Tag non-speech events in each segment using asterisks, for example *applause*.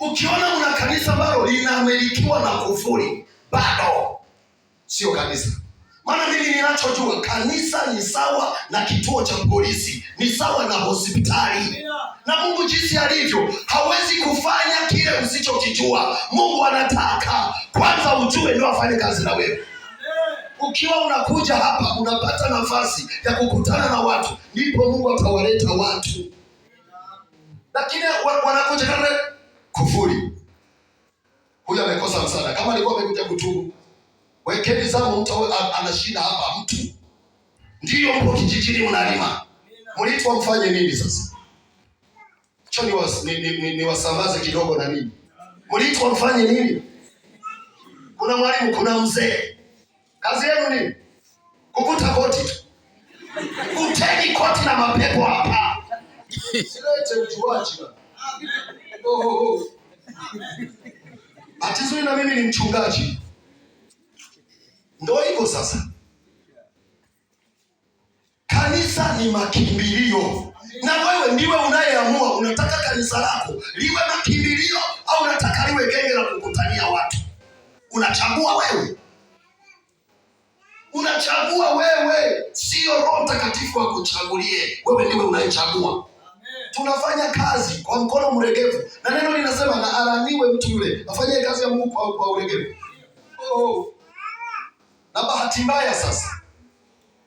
Ukiona una kanisa ambalo linamilikiwa na kufuri, bado sio kanisa. Maana mimi ninachojua kanisa ni sawa na kituo cha polisi, ni sawa na hospitali na Mungu jinsi alivyo, hawezi kufanya kile usichokijua. Mungu anataka kwanza ujue ndio afanye kazi na wewe. Ukiwa unakuja hapa unapata nafasi ya kukutana na watu, ndipo Mungu atawaleta watu, lakini wanakuja kufuri, huyo amekosa msaada. Kama alikuwa amekuja kutubu, wekeni zamu, mtu ana shida hapa. Mtu ndiyo mpo kijijini, unalima mlitwa mfanye nini sasa? cho wasambaze kidogo na nini, mlitwa mfanye nini? Kuna mwalimu, kuna mzee, kazi yenu nini? Kuvuta koti tu. koti na mapepo hapa, *laughs* silete ujuaji Bahati nzuri na mimi ni mchungaji, ndo hivyo sasa. Kanisa ni makimbilio, na wewe ndiwe unayeamua unataka kanisa lako liwe makimbilio au unataka liwe genge la kukutania watu. Unachagua wewe, unachagua wewe, sio Roho Mtakatifu akuchagulie wewe, ndiwe unayechagua tunafanya kazi kwa mkono mregevu, na neno linasema na alaniwe mtu yule afanye kazi ya Mungu kwa, kwa uregevu. Oh. Na bahati mbaya sasa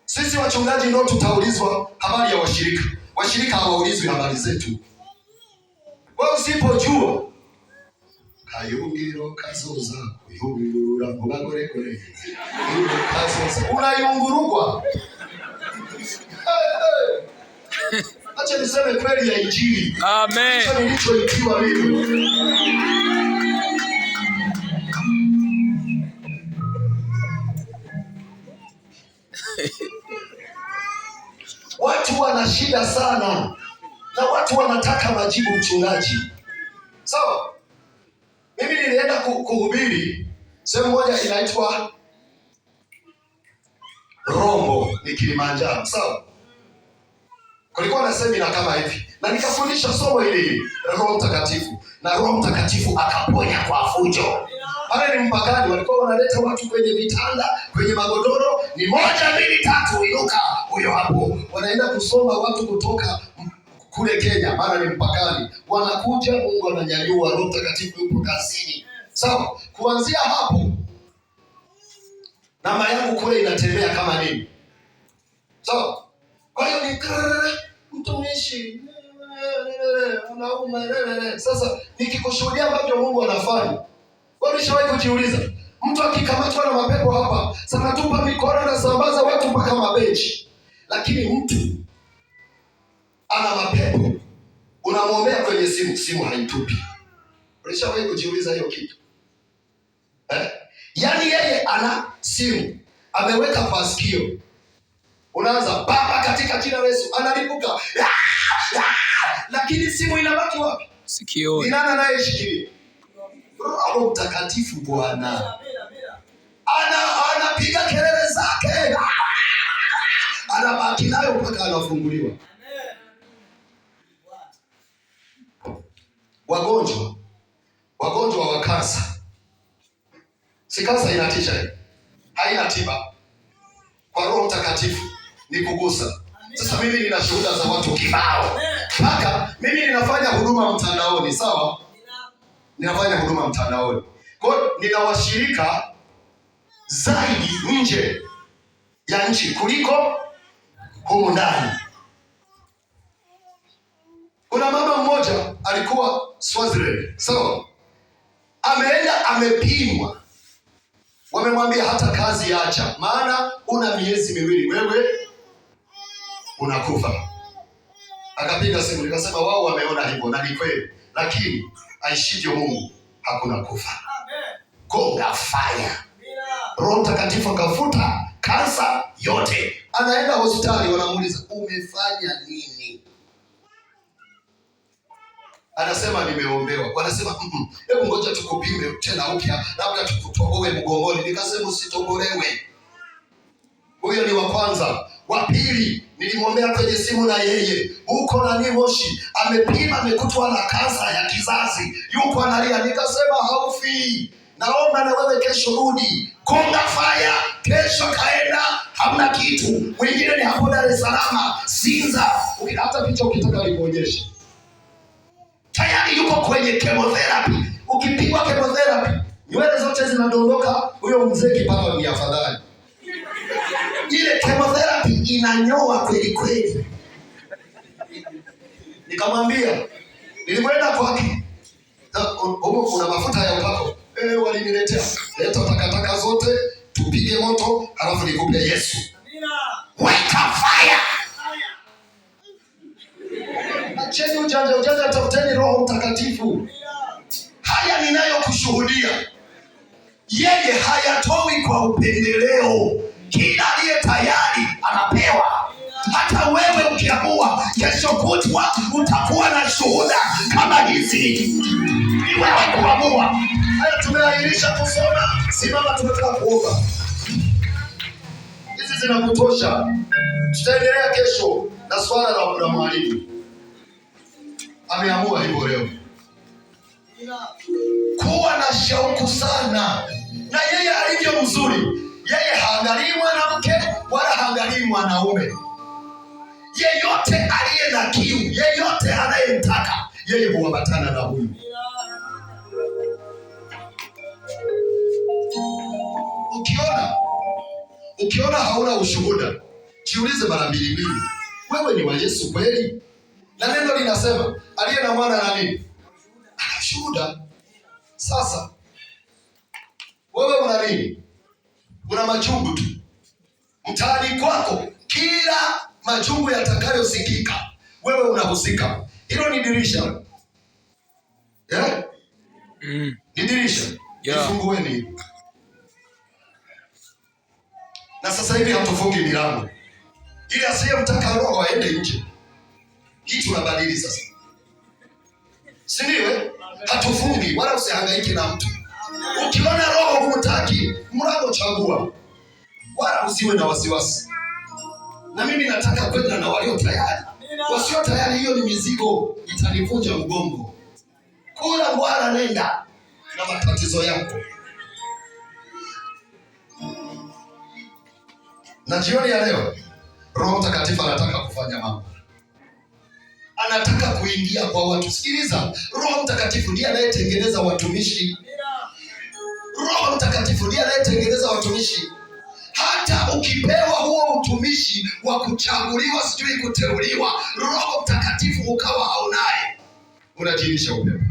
sisi wachungaji ndio tutaulizwa habari ya washirika. Washirika hawaulizwi habari zetu. Wewe usipojua kayungiro kazoza kuyungurura mugagore gore unayungurugwa niseme kweli ya Injili. Amen. nilichoitiwa mimi. Watu wana shida sana na watu wanataka majibu, mchungaji. So mimi nilienda kuhubiri sehemu moja inaitwa Rombo ni Kilimanjaro, sawa? So, Kulikuwa na semina kama hivi na nikafundisha somo hili Roho Mtakatifu, na Roho Mtakatifu akaponya kwa fujo. Pale ni mpakani, walikuwa wanaleta watu kwenye vitanda, kwenye magodoro, ni moja mbili tatu, inuka huyo hapo. Wanaenda kusoma watu kutoka kule Kenya, mara ni mpakani, wanakuja, Mungu ananyanyua, Roho Mtakatifu yupo kazini. Sawa, kuanzia hapo namba yangu kule inatembea kama nini? Sawa, kwa hiyo ni mtumishi mwanaume. Sasa nikikushuhudia ambavyo Mungu anafanya, nishawahi kujiuliza, mtu akikamatwa na mapepo hapa sanatupa mikono na sambaza watu mpaka mabenchi, lakini mtu ana mapepo unamwombea kwenye simu, simu haitupi. Ulishawahi kujiuliza hiyo kitu eh? Yaani yeye ana simu ameweka paskio, unaanza baba katika jina la Yesu, analipuka ah! lakini simu inabaki wapi? Sikioni. Ni nani anayeshikilia? Roho Mtakatifu Bwana ana anapiga kelele zake, anabaki nayo mpaka anafunguliwa. Wagonjwa wagonjwa wa kansa, si kansa inatisha, haina tiba. Kwa Roho Mtakatifu ni kugusa sasa mimi nina shuhuda za watu kibao. Paka mimi ninafanya huduma mtandaoni, sawa? Ninafanya huduma mtandaoni. Kwa hiyo nina washirika zaidi nje ya nchi kuliko humu ndani. Kuna mama mmoja alikuwa Swaziland, sawa? Ameenda amepimwa, wamemwambia hata kazi acha, maana una miezi miwili wewe unakufa. Akapiga simu, nikasema wao wameona hivyo na ni kweli, lakini aishivyo Mungu hakuna kufa ko fire, Roho Mtakatifu akafuta kansa yote. Anaenda hospitali, wanamuuliza umefanya nini? Anasema nimeombewa. Wanasema hebu ngoja tukupime tena upya, labda tukutoboe mgongoni. Nikasema usitobolewe huyo ni wa kwanza. Wa pili nilimwombea kwenye simu na yeye huko nani Moshi, amepima amekutwa na kansa ya kizazi, yuko analia. Nikasema haufi, naomba na wewe kesho rudi Konga Faya, kesho kaenda, hamna kitu. Mwingine ni hapo Dar es Salaam, Sinza, hata picha ukitaka tayari yuko kwenye chemotherapy. Ukipigwa chemotherapy nywele zote zinadondoka, huyo mzee kipapa ni afadhali Chemotherapy inanyoa kweli kweli. Nikamwambia nilikwenda kwake, huko kuna mafuta ya upako eh, waliniletea leta takataka zote tupige moto, alafu nikupe Yesu. Weka fire. Acheni ujanja ujanja, tafuteni Roho Mtakatifu. Haya ninayokushuhudia yeye hayatowi kwa upendeleo. Kila aliye tayari anapewa. Hata wewe ukiamua, kesho kutwa utakuwa na shuhuda kama hizi. Ni wewe kuamua. Haya, tumeahirisha kusoma. Simama, tumetoka kuomba, hizi zinakutosha. Tutaendelea kesho na swala la mwalimu. Ameamua hivyo leo kuwa na shauku sana na yeye alivyo mzuri yeye haangalii mwanamke wala haangalii mwanaume. Yeyote aliye na kiu, yeyote anayemtaka yeye huambatana na huyu. Ukiona ukiona hauna ushuhuda, jiulize mara mbili mbili, wewe ni wa Yesu kweli? Na neno linasema aliye na mwana na nini ana shuhuda. Sasa wewe una nini? una machungu tu mtaani kwako, kila machungu yatakayosikika wewe unahusika. Hilo ni dirisha yeah? mm. ni dirisha yeah. Ifungueni na sasa hivi hatufungi milango ili asiyemtaka Roho aende nje. Hii tunabadili sasa, si ndio? Eh? Hatufungi wala usihangaiki na mtu Ukiona roho humtaki, mlango chagua, wala usiwe na wasiwasi. Na mimi nataka kwenda na walio tayari. Wasio tayari, hiyo ni mizigo, itanivunja mgongo. Kula Bwana, nenda na matatizo yako. Na jioni ya leo Roho Mtakatifu anataka kufanya mambo, anataka kuingia kwa watu. Sikiliza, Roho Mtakatifu ndiye anayetengeneza watumishi ndiye anayetengeneza watumishi. Hata ukipewa huo utumishi wa kuchaguliwa, sijui kuteuliwa, Roho Mtakatifu ukawa haunaye, unajiisha upepo.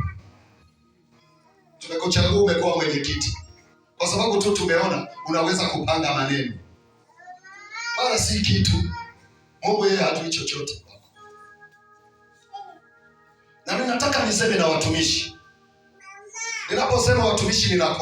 Tumekuchagua umekuwa mwenyekiti kwa sababu tu tumeona unaweza kupanga maneno, mara si kitu. Mungu yeye hatui chochote. Na ninataka niseme na watumishi, ninaposema watumishi nina